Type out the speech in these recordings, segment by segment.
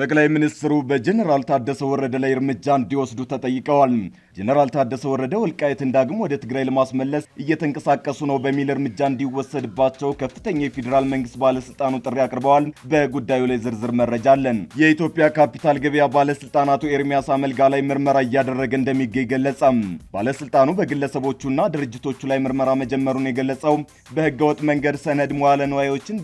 ጠቅላይ ሚኒስትሩ በጀኔራል ታደሰ ወረደ ላይ እርምጃ እንዲወስዱ ተጠይቀዋል። ጀኔራል ታደሰ ወረደ ወልቃይትን ዳግም ወደ ትግራይ ለማስመለስ እየተንቀሳቀሱ ነው በሚል እርምጃ እንዲወሰድባቸው ከፍተኛ የፌዴራል መንግስት ባለስልጣኑ ጥሪ አቅርበዋል። በጉዳዩ ላይ ዝርዝር መረጃ አለን። የኢትዮጵያ ካፒታል ገበያ ባለስልጣናቱ ኤርሚያስ አመልጋ ላይ ምርመራ እያደረገ እንደሚገኝ ገለጸ። ባለስልጣኑ በግለሰቦቹና ድርጅቶቹ ላይ ምርመራ መጀመሩን የገለጸው በህገወጥ መንገድ ሰነድ መዋለ ንዋዮችን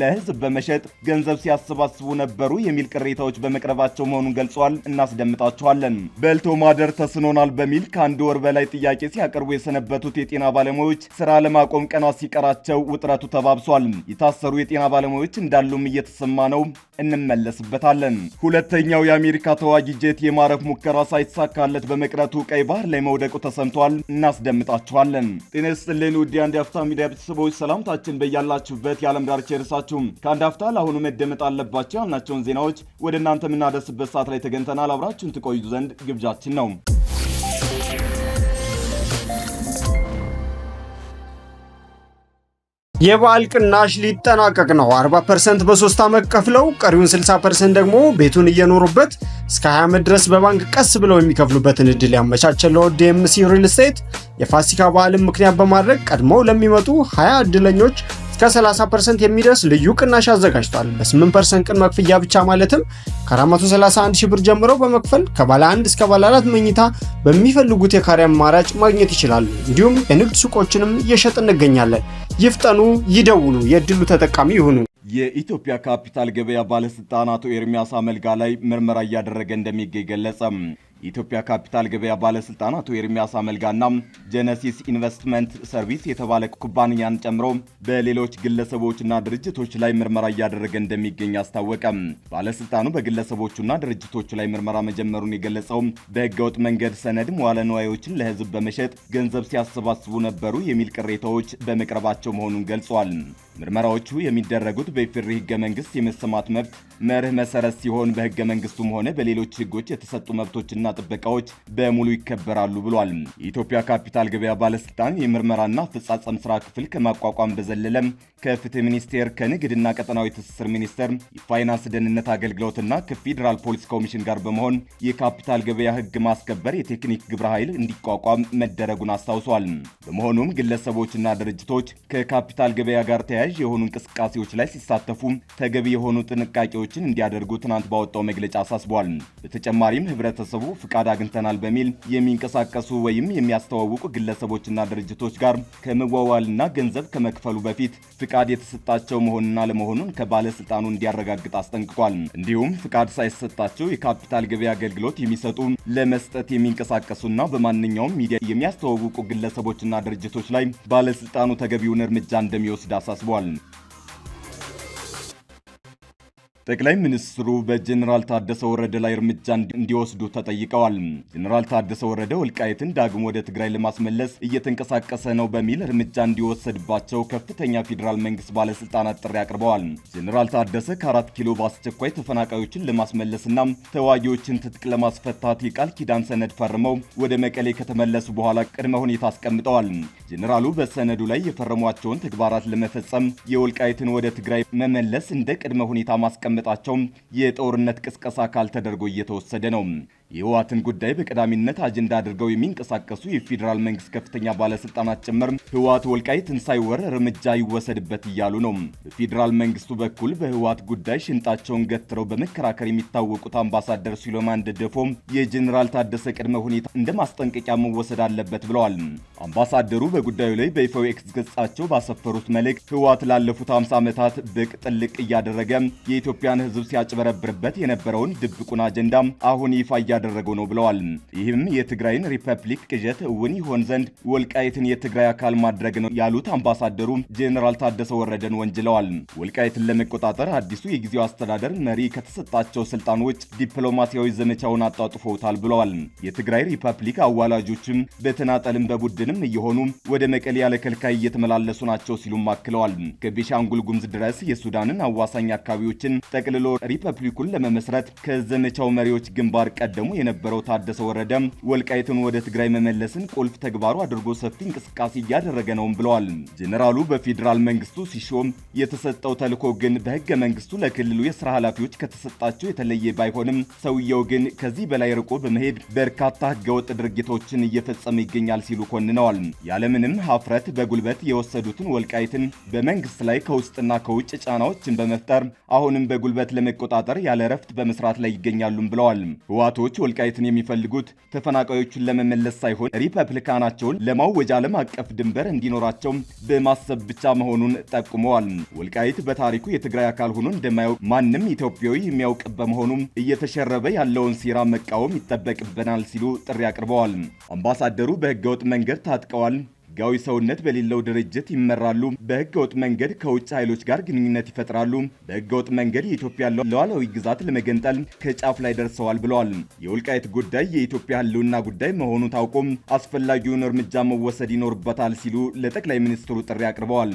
ለህዝብ በመሸጥ ገንዘብ ሲያሰባስቡ ነበሩ የሚል ቅሬ ቅሬታዎች በመቅረባቸው መሆኑን ገልጿል። እናስደምጣቸዋለን። በልቶ ማደር ተስኖናል በሚል ከአንድ ወር በላይ ጥያቄ ሲያቀርቡ የሰነበቱት የጤና ባለሙያዎች ስራ ለማቆም ቀናት ሲቀራቸው ውጥረቱ ተባብሷል። የታሰሩ የጤና ባለሙያዎች እንዳሉም እየተሰማ ነው። እንመለስበታለን። ሁለተኛው የአሜሪካ ተዋጊ ጄት የማረፍ ሙከራ ሳይሳካለት በመቅረቱ ቀይ ባህር ላይ መውደቁ ተሰምቷል። እናስደምጣችኋለን። ጤና ይስጥልን ውድ የአንድ አፍታ ሚዲያ ቤተሰቦች፣ ሰላምታችን በያላችሁበት የዓለም ዳርቻ ይድረሳችሁ። ከአንድ አፍታ ለአሁኑ መደመጥ አለባቸው ያልናቸውን ዜናዎች ወደ እናንተ የምናደርስበት ሰዓት ላይ ተገኝተናል። አብራችሁን ትቆዩ ዘንድ ግብዣችን ነው። የበዓል ቅናሽ ሊጠናቀቅ ነው። 40 ፐርሰንት በሶስት ዓመት ከፍለው ቀሪውን 60 ፐርሰንት ደግሞ ቤቱን እየኖሩበት እስከ 20 ዓመት ድረስ በባንክ ቀስ ብለው የሚከፍሉበትን እድል ያመቻቸለው ዲኤምሲ ሪል ስቴት የፋሲካ በዓልን ምክንያት በማድረግ ቀድመው ለሚመጡ 20 እድለኞች እስከ 30% የሚደርስ ልዩ ቅናሽ አዘጋጅቷል። በ8% ቅን መክፍያ ብቻ ማለትም ከ431 ሺህ ብር ጀምሮ በመክፈል ከባለ 1 እስከ ባለ 4 መኝታ በሚፈልጉት የካሬ አማራጭ ማግኘት ይችላሉ። እንዲሁም የንግድ ሱቆችንም እየሸጥ እንገኛለን። ይፍጠኑ፣ ይደውሉ፣ የእድሉ ተጠቃሚ ይሁኑ። የኢትዮጵያ ካፒታል ገበያ ባለስልጣናቱ ኤርሚያስ አመልጋ ላይ ምርመራ እያደረገ እንደሚገኝ ገለጸም። የኢትዮጵያ ካፒታል ገበያ ባለስልጣን አቶ ኤርሚያስ አመልጋና ጀነሲስ ኢንቨስትመንት ሰርቪስ የተባለ ኩባንያን ጨምሮ በሌሎች ግለሰቦችና ድርጅቶች ላይ ምርመራ እያደረገ እንደሚገኝ አስታወቀ። ባለስልጣኑ በግለሰቦቹና ድርጅቶቹ ላይ ምርመራ መጀመሩን የገለጸው በህገወጥ መንገድ ሰነድ መዋለ ንዋዮችን ለህዝብ በመሸጥ ገንዘብ ሲያሰባስቡ ነበሩ የሚል ቅሬታዎች በመቅረባቸው መሆኑን ገልጿል። ምርመራዎቹ የሚደረጉት በኢፌዴሪ ህገ መንግስት የመሰማት መብት መርህ መሰረት ሲሆን በህገ መንግስቱም ሆነ በሌሎች ህጎች የተሰጡ መብቶችና ጥበቃዎች በሙሉ ይከበራሉ ብሏል። የኢትዮጵያ ካፒታል ገበያ ባለስልጣን የምርመራና አፈጻጸም ስራ ክፍል ከማቋቋም በዘለለም ከፍትህ ሚኒስቴር፣ ከንግድና ቀጠናዊ ትስስር ሚኒስቴር፣ የፋይናንስ ደህንነት አገልግሎትና ከፌዴራል ፖሊስ ኮሚሽን ጋር በመሆን የካፒታል ገበያ ህግ ማስከበር የቴክኒክ ግብረ ኃይል እንዲቋቋም መደረጉን አስታውሷል። በመሆኑም ግለሰቦችና ድርጅቶች ከካፒታል ገበያ ጋር ተያይ አጋዥ የሆኑ እንቅስቃሴዎች ላይ ሲሳተፉ ተገቢ የሆኑ ጥንቃቄዎችን እንዲያደርጉ ትናንት ባወጣው መግለጫ አሳስቧል። በተጨማሪም ህብረተሰቡ ፍቃድ አግኝተናል በሚል የሚንቀሳቀሱ ወይም የሚያስተዋውቁ ግለሰቦችና ድርጅቶች ጋር ከመዋዋልና ገንዘብ ከመክፈሉ በፊት ፍቃድ የተሰጣቸው መሆንና ለመሆኑን ከባለስልጣኑ እንዲያረጋግጥ አስጠንቅቋል። እንዲሁም ፍቃድ ሳይሰጣቸው የካፒታል ገበያ አገልግሎት የሚሰጡ ለመስጠት የሚንቀሳቀሱና በማንኛውም ሚዲያ የሚያስተዋውቁ ግለሰቦችና ድርጅቶች ላይ ባለስልጣኑ ተገቢውን እርምጃ እንደሚወስድ አሳስቧል። on ጠቅላይ ሚኒስትሩ በጀኔራል ታደሰ ወረደ ላይ እርምጃ እንዲወስዱ ተጠይቀዋል። ጀኔራል ታደሰ ወረደ ወልቃይትን ዳግም ወደ ትግራይ ለማስመለስ እየተንቀሳቀሰ ነው በሚል እርምጃ እንዲወሰድባቸው ከፍተኛ ፌዴራል መንግስት ባለስልጣናት ጥሪ አቅርበዋል። ጀኔራል ታደሰ ከአራት ኪሎ በአስቸኳይ ተፈናቃዮችን ለማስመለስና ተዋጊዎችን ትጥቅ ለማስፈታት የቃል ኪዳን ሰነድ ፈርመው ወደ መቀሌ ከተመለሱ በኋላ ቅድመ ሁኔታ አስቀምጠዋል። ጀኔራሉ በሰነዱ ላይ የፈረሟቸውን ተግባራት ለመፈጸም የወልቃይትን ወደ ትግራይ መመለስ እንደ ቅድመ ሁኔታ ማስቀመጥ ማስቀመጣቸው የጦርነት ቅስቀሳ አካል ተደርጎ እየተወሰደ ነው። የህወሓትን ጉዳይ በቀዳሚነት አጀንዳ አድርገው የሚንቀሳቀሱ የፌዴራል መንግስት ከፍተኛ ባለስልጣናት ጭምር ህወሓት ወልቃይትን ሳይወር እርምጃ ይወሰድበት እያሉ ነው። በፌዴራል መንግስቱ በኩል በህወሓት ጉዳይ ሽንጣቸውን ገትረው በመከራከር የሚታወቁት አምባሳደር ሱሌማን ደደፎ የጀኔራል ታደሰ ቅድመ ሁኔታ እንደ ማስጠንቀቂያ መወሰድ አለበት ብለዋል። አምባሳደሩ በጉዳዩ ላይ በይፋዊ ኤክስ ገጻቸው ባሰፈሩት መልእክት ህወሓት ላለፉት 50 ዓመታት ብቅ ጥልቅ እያደረገ የኢትዮጵያን ህዝብ ሲያጭበረብርበት የነበረውን ድብቁን አጀንዳ አሁን ይፋ እያደረገው ነው ብለዋል። ይህም የትግራይን ሪፐብሊክ ቅዠት እውን ይሆን ዘንድ ወልቃይትን የትግራይ አካል ማድረግ ነው ያሉት አምባሳደሩ ጄኔራል ታደሰ ወረደን ወንጅለዋል። ወልቃይትን ለመቆጣጠር አዲሱ የጊዜው አስተዳደር መሪ ከተሰጣቸው ስልጣኖች ዲፕሎማሲያዊ ዘመቻውን አጣጥፎታል ብለዋል። የትግራይ ሪፐብሊክ አዋላጆችም በተናጠልም በቡድንም እየሆኑ ወደ መቀሌ ያለ ከልካይ እየተመላለሱ ናቸው ሲሉም አክለዋል። ከቤሻንጉል ጉምዝ ድረስ የሱዳንን አዋሳኝ አካባቢዎችን ጠቅልሎ ሪፐብሊኩን ለመመስረት ከዘመቻው መሪዎች ግንባር ቀደሙ የነበረው ታደሰ ወረደም ወልቃይትን ወደ ትግራይ መመለስን ቁልፍ ተግባሩ አድርጎ ሰፊ እንቅስቃሴ እያደረገ ነውም ብለዋል። ጄኔራሉ በፌዴራል መንግስቱ ሲሾም የተሰጠው ተልዕኮ ግን በህገ መንግስቱ ለክልሉ የስራ ኃላፊዎች ከተሰጣቸው የተለየ ባይሆንም ሰውየው ግን ከዚህ በላይ ርቆ በመሄድ በርካታ ህገወጥ ድርጊቶችን እየፈጸመ ይገኛል ሲሉ ኮንነዋል። ያለምንም ሀፍረት በጉልበት የወሰዱትን ወልቃይትን በመንግስት ላይ ከውስጥና ከውጭ ጫናዎችን በመፍጠር አሁንም በጉልበት ለመቆጣጠር ያለ እረፍት በመስራት ላይ ይገኛሉም ብለዋል። ህዋቶች ወልቃይትን የሚፈልጉት ተፈናቃዮቹን ለመመለስ ሳይሆን ሪፐብሊካናቸውን ለማወጅ ዓለም አቀፍ ድንበር እንዲኖራቸው በማሰብ ብቻ መሆኑን ጠቁመዋል። ወልቃይት በታሪኩ የትግራይ አካል ሆኖ እንደማያውቅ ማንም ኢትዮጵያዊ የሚያውቅ በመሆኑም እየተሸረበ ያለውን ሴራ መቃወም ይጠበቅብናል ሲሉ ጥሪ አቅርበዋል። አምባሳደሩ በህገወጥ መንገድ ታጥቀዋል ህጋዊ ሰውነት በሌለው ድርጅት ይመራሉ። በህገወጥ መንገድ ከውጭ ኃይሎች ጋር ግንኙነት ይፈጥራሉ። በህገወጥ መንገድ የኢትዮጵያ ሉዓላዊ ግዛት ለመገንጠል ከጫፍ ላይ ደርሰዋል ብለዋል። የወልቃይት ጉዳይ የኢትዮጵያ ህልውና ጉዳይ መሆኑ ታውቆም አስፈላጊውን እርምጃ መወሰድ ይኖርበታል ሲሉ ለጠቅላይ ሚኒስትሩ ጥሪ አቅርበዋል።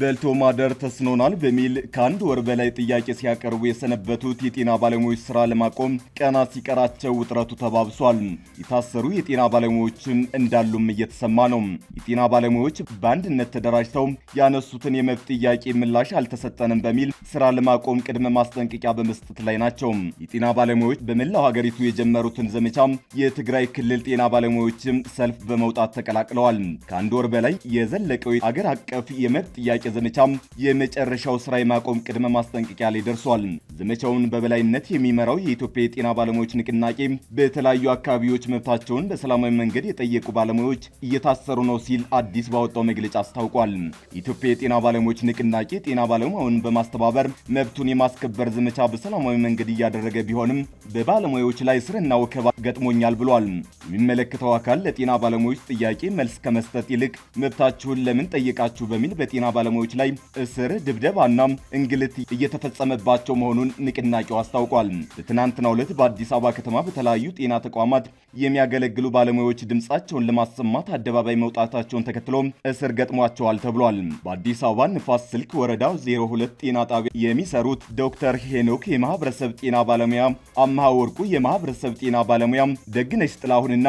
በልቶ ማደር ተስኖናል በሚል ከአንድ ወር በላይ ጥያቄ ሲያቀርቡ የሰነበቱት የጤና ባለሙያዎች ስራ ለማቆም ቀናት ሲቀራቸው ውጥረቱ ተባብሷል። የታሰሩ የጤና ባለሙያዎችም እንዳሉም እየተሰማ ነው። የጤና ባለሙያዎች በአንድነት ተደራጅተው ያነሱትን የመብት ጥያቄ ምላሽ አልተሰጠንም በሚል ስራ ለማቆም ቅድመ ማስጠንቀቂያ በመስጠት ላይ ናቸው። የጤና ባለሙያዎች በመላው ሀገሪቱ የጀመሩትን ዘመቻ የትግራይ ክልል ጤና ባለሙያዎችም ሰልፍ በመውጣት ተቀላቅለዋል። ከአንድ ወር በላይ የዘለቀው አገር አቀፍ የመብት ጥያቄ የጥያቄ ዘመቻም የመጨረሻው ስራ የማቆም ቅድመ ማስጠንቀቂያ ላይ ደርሷል። ዘመቻውን በበላይነት የሚመራው የኢትዮጵያ የጤና ባለሙያዎች ንቅናቄ በተለያዩ አካባቢዎች መብታቸውን በሰላማዊ መንገድ የጠየቁ ባለሙያዎች እየታሰሩ ነው ሲል አዲስ ባወጣው መግለጫ አስታውቋል። ኢትዮጵያ የጤና ባለሙያዎች ንቅናቄ ጤና ባለሙያውን በማስተባበር መብቱን የማስከበር ዘመቻ በሰላማዊ መንገድ እያደረገ ቢሆንም በባለሙያዎች ላይ ስርና ወከባ ገጥሞኛል ብሏል። የሚመለከተው አካል ለጤና ባለሙያዎች ጥያቄ መልስ ከመስጠት ይልቅ መብታችሁን ለምን ጠየቃችሁ በሚል በጤና ባለሙ ባለሙያዎች ላይ እስር፣ ድብደባና እንግልት እየተፈጸመባቸው መሆኑን ንቅናቄው አስታውቋል። በትናንትናው ዕለት በአዲስ አበባ ከተማ በተለያዩ ጤና ተቋማት የሚያገለግሉ ባለሙያዎች ድምፃቸውን ለማሰማት አደባባይ መውጣታቸውን ተከትሎ እስር ገጥሟቸዋል ተብሏል። በአዲስ አበባ ንፋስ ስልክ ወረዳ 02 ጤና ጣቢያ የሚሰሩት ዶክተር ሄኖክ የማህበረሰብ ጤና ባለሙያ፣ አምሃ ወርቁ የማህበረሰብ ጤና ባለሙያ፣ ደግነሽ ጥላሁንና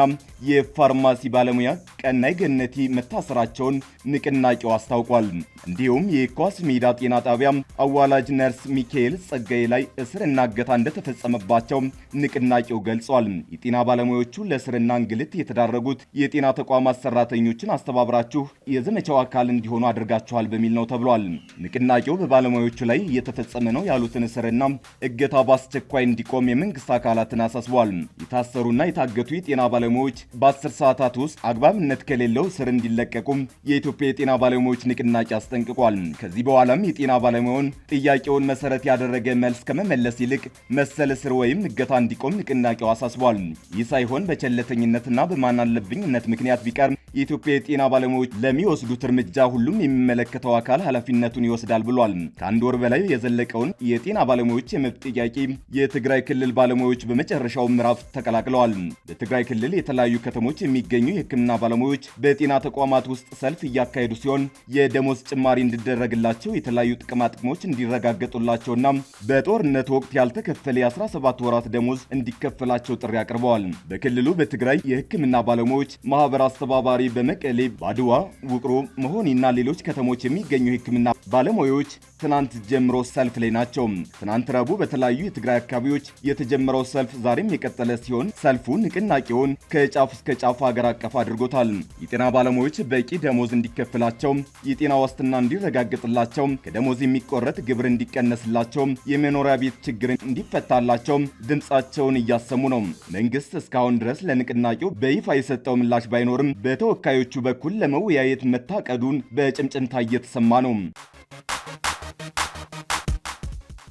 የፋርማሲ ባለሙያ ቀናይ ገነቲ መታሰራቸውን ንቅናቄው አስታውቋል። እንዲሁም የኳስ ሜዳ ጤና ጣቢያ አዋላጅ ነርስ ሚካኤል ጸጋዬ ላይ እስርና እገታ እንደተፈጸመባቸው ንቅናቄው ገልጿል። የጤና ባለሙያዎቹ ለእስርና እንግልት የተዳረጉት የጤና ተቋማት ሰራተኞችን አስተባብራችሁ የዘመቻው አካል እንዲሆኑ አድርጋችኋል በሚል ነው ተብሏል። ንቅናቄው በባለሙያዎቹ ላይ እየተፈጸመ ነው ያሉትን እስርና እገታ በአስቸኳይ እንዲቆም የመንግስት አካላትን አሳስቧል። የታሰሩና የታገቱ የጤና ባለሙያዎች በአስር ሰዓታት ውስጥ አግባብነት ከሌለው እስር እንዲለቀቁም የኢትዮጵያ የጤና ባለሙያዎች ንቅናቄ አስጠንቅ አስጠንቅቋል። ከዚህ በኋላም የጤና ባለሙያውን ጥያቄውን መሰረት ያደረገ መልስ ከመመለስ ይልቅ መሰል እስር ወይም እገታ እንዲቆም ንቅናቄው አሳስቧል። ይህ ሳይሆን በቸለተኝነትና በማናለብኝነት ምክንያት ቢቀርም የኢትዮጵያ የጤና ባለሙያዎች ለሚወስዱት እርምጃ ሁሉም የሚመለከተው አካል ኃላፊነቱን ይወስዳል ብሏል። ከአንድ ወር በላይ የዘለቀውን የጤና ባለሙያዎች የመብት ጥያቄ የትግራይ ክልል ባለሙያዎች በመጨረሻው ምዕራፍ ተቀላቅለዋል። በትግራይ ክልል የተለያዩ ከተሞች የሚገኙ የሕክምና ባለሙያዎች በጤና ተቋማት ውስጥ ሰልፍ እያካሄዱ ሲሆን የደሞዝ ጭማሪ እንዲደረግላቸው፣ የተለያዩ ጥቅማጥቅሞች እንዲረጋገጡላቸውና በጦርነት ወቅት ያልተከፈለ የ17 ወራት ደሞዝ እንዲከፈላቸው ጥሪ አቅርበዋል። በክልሉ በትግራይ የሕክምና ባለሙያዎች ማህበር አስተባባሪ በመቀሌ፣ በአድዋ፣ ውቅሮ፣ መሆኒና ሌሎች ከተሞች የሚገኙ የህክምና ባለሙያዎች ትናንት ጀምሮ ሰልፍ ላይ ናቸው። ትናንት ረቡዕ በተለያዩ የትግራይ አካባቢዎች የተጀመረው ሰልፍ ዛሬም የቀጠለ ሲሆን ሰልፉ ንቅናቄውን ከጫፍ እስከ ጫፍ ሀገር አቀፍ አድርጎታል። የጤና ባለሙያዎች በቂ ደሞዝ እንዲከፍላቸው፣ የጤና ዋስትና እንዲረጋግጥላቸው፣ ከደሞዝ የሚቆረጥ ግብር እንዲቀነስላቸው፣ የመኖሪያ ቤት ችግር እንዲፈታላቸው ድምፃቸውን እያሰሙ ነው። መንግስት እስካሁን ድረስ ለንቅናቄው በይፋ የሰጠው ምላሽ ባይኖርም በተወ ተወካዮቹ በኩል ለመወያየት መታቀዱን በጭምጭምታ እየተሰማ ነው።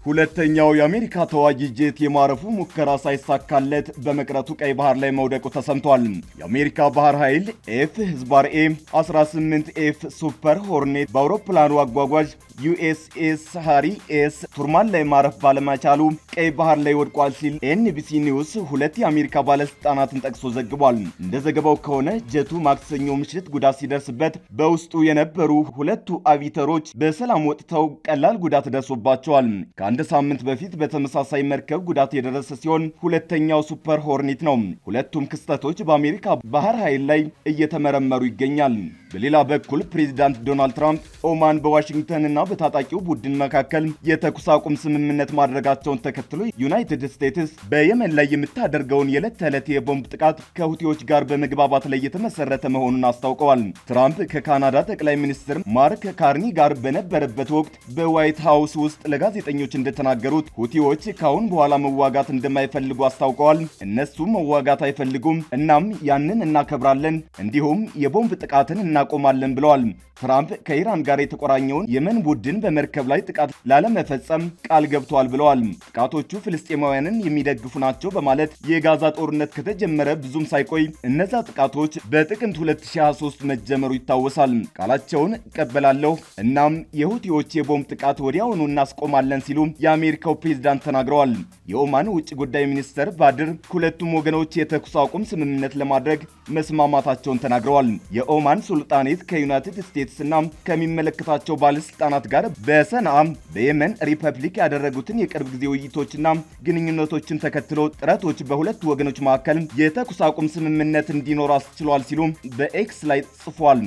ሁለተኛው የአሜሪካ ተዋጊ ጄት የማረፉ ሙከራ ሳይሳካለት በመቅረቱ ቀይ ባህር ላይ መውደቁ ተሰምቷል። የአሜሪካ ባህር ኃይል ኤፍ ህዝባር ኤ 18 ኤፍ ሱፐር ሆርኔት በአውሮፕላኑ አጓጓዥ ዩኤስኤስ ሃሪ ኤስ ቱርማን ላይ ማረፍ ባለመቻሉ ቀይ ባህር ላይ ወድቋል ሲል ኤንቢሲ ኒውስ ሁለት የአሜሪካ ባለስልጣናትን ጠቅሶ ዘግቧል። እንደ ዘገባው ከሆነ ጀቱ ማክሰኞ ምሽት ጉዳት ሲደርስበት በውስጡ የነበሩ ሁለቱ አቪተሮች በሰላም ወጥተው ቀላል ጉዳት ደርሶባቸዋል። ከአንድ ሳምንት በፊት በተመሳሳይ መርከብ ጉዳት የደረሰ ሲሆን ሁለተኛው ሱፐር ሆርኒት ነው። ሁለቱም ክስተቶች በአሜሪካ ባህር ኃይል ላይ እየተመረመሩ ይገኛል። በሌላ በኩል ፕሬዚዳንት ዶናልድ ትራምፕ ኦማን በዋሽንግተንና በታጣቂው ቡድን መካከል የተኩስ አቁም ስምምነት ማድረጋቸውን ተከትሎ ዩናይትድ ስቴትስ በየመን ላይ የምታደርገውን የዕለት ተዕለት የቦምብ ጥቃት ከሁቲዎች ጋር በመግባባት ላይ የተመሰረተ መሆኑን አስታውቀዋል። ትራምፕ ከካናዳ ጠቅላይ ሚኒስትር ማርክ ካርኒ ጋር በነበረበት ወቅት በዋይት ሀውስ ውስጥ ለጋዜጠኞች እንደተናገሩት ሁቲዎች ካሁን በኋላ መዋጋት እንደማይፈልጉ አስታውቀዋል። እነሱ መዋጋት አይፈልጉም፣ እናም ያንን እናከብራለን፣ እንዲሁም የቦምብ ጥቃትን እና እናቆማለን ብለዋል። ትራምፕ ከኢራን ጋር የተቆራኘውን የመን ቡድን በመርከብ ላይ ጥቃት ላለመፈጸም ቃል ገብተዋል ብለዋል። ጥቃቶቹ ፍልስጤማውያንን የሚደግፉ ናቸው በማለት የጋዛ ጦርነት ከተጀመረ ብዙም ሳይቆይ እነዛ ጥቃቶች በጥቅምት 2023 መጀመሩ ይታወሳል። ቃላቸውን እቀበላለሁ እናም የሁቲዎች የቦምብ ጥቃት ወዲያውኑ እናስቆማለን ሲሉ የአሜሪካው ፕሬዝዳንት ተናግረዋል። የኦማን ውጭ ጉዳይ ሚኒስትር ባድር ሁለቱም ወገኖች የተኩስ አቁም ስምምነት ለማድረግ መስማማታቸውን ተናግረዋል። የኦማን ሱልጣን ስልጣኔት ከዩናይትድ ስቴትስና ከሚመለከታቸው ባለስልጣናት ጋር በሰንዓ በየመን ሪፐብሊክ ያደረጉትን የቅርብ ጊዜ ውይይቶችና ግንኙነቶችን ተከትሎ ጥረቶች በሁለቱ ወገኖች መካከል የተኩስ አቁም ስምምነት እንዲኖር አስችሏል ሲሉ በኤክስ ላይ ጽፏል።